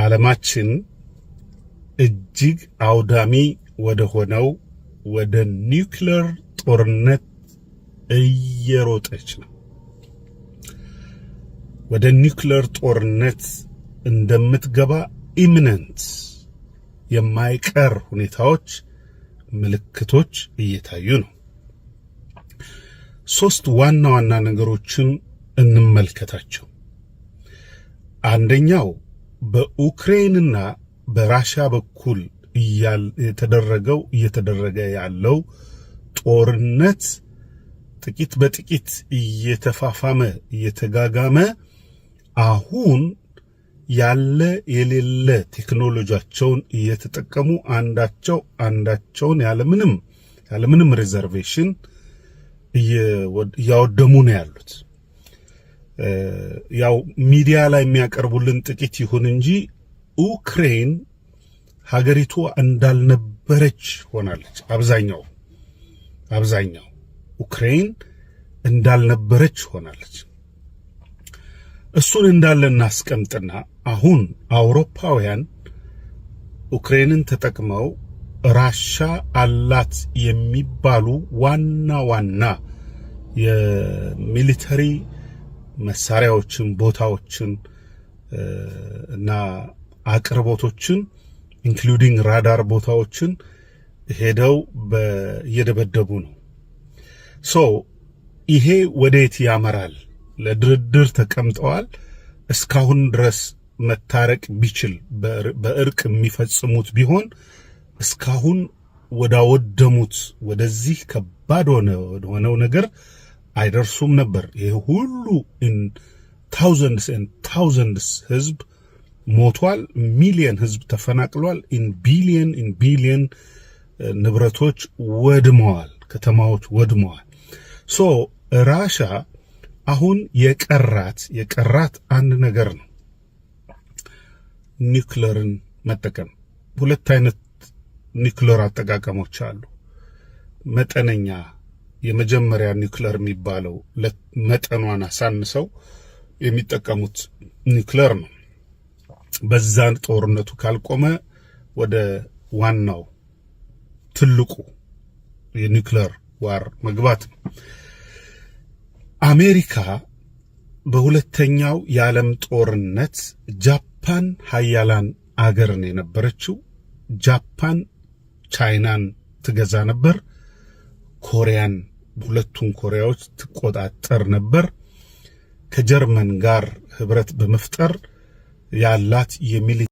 ዓለማችን እጅግ አውዳሚ ወደ ሆነው ወደ ኒውክሌር ጦርነት እየሮጠች ነው። ወደ ኒውክሌር ጦርነት እንደምትገባ ኢሚነንት የማይቀር ሁኔታዎች ምልክቶች እየታዩ ነው። ሶስት ዋና ዋና ነገሮችን እንመልከታቸው። አንደኛው በኡክሬንና በራሽያ በኩል የተደረገው እየተደረገ ያለው ጦርነት ጥቂት በጥቂት እየተፋፋመ እየተጋጋመ አሁን ያለ የሌለ ቴክኖሎጂያቸውን እየተጠቀሙ አንዳቸው አንዳቸውን ያለምንም ያለምንም ሪዘርቬሽን እያወደሙ ነው ያሉት። ያው ሚዲያ ላይ የሚያቀርቡልን ጥቂት ይሁን እንጂ ኡክሬን ሀገሪቱ እንዳልነበረች ሆናለች። አብዛኛው አብዛኛው ኡክሬን እንዳልነበረች ሆናለች። እሱን እንዳለ እናስቀምጥና አሁን አውሮፓውያን ኡክሬንን ተጠቅመው ራሻ አላት የሚባሉ ዋና ዋና የሚሊተሪ መሳሪያዎችን፣ ቦታዎችን እና አቅርቦቶችን ኢንክሉዲንግ ራዳር ቦታዎችን ሄደው እየደበደቡ ነው። ሶ ይሄ ወዴት ያመራል? ለድርድር ተቀምጠዋል። እስካሁን ድረስ መታረቅ ቢችል በእርቅ የሚፈጽሙት ቢሆን እስካሁን ወዳወደሙት ወደዚህ ከባድ ሆነ ወደሆነው ነገር አይደርሱም ነበር። ይህ ሁሉ ታውዘንድስ ኤንድ ታውዘንድስ ህዝብ ሞቷል። ሚሊየን ህዝብ ተፈናቅሏል። ኢን ቢሊየን ኢን ቢሊየን ንብረቶች ወድመዋል። ከተማዎች ወድመዋል። ሶ ራሻ አሁን የቀራት የቀራት አንድ ነገር ነው፣ ኒውክለርን መጠቀም። ሁለት አይነት ኒውክለር አጠቃቀሞች አሉ። መጠነኛ የመጀመሪያ ኒውክለር የሚባለው መጠኗን አሳንሰው የሚጠቀሙት ኒውክለር ነው። በዛን ጦርነቱ ካልቆመ ወደ ዋናው ትልቁ የኒውክለር ዋር መግባት ነው። አሜሪካ በሁለተኛው የዓለም ጦርነት ጃፓን ሀያላን አገርን የነበረችው ጃፓን ቻይናን ትገዛ ነበር፣ ኮሪያን ሁለቱን ኮሪያዎች ትቆጣጠር ነበር። ከጀርመን ጋር ህብረት በመፍጠር ያላት የሚሊ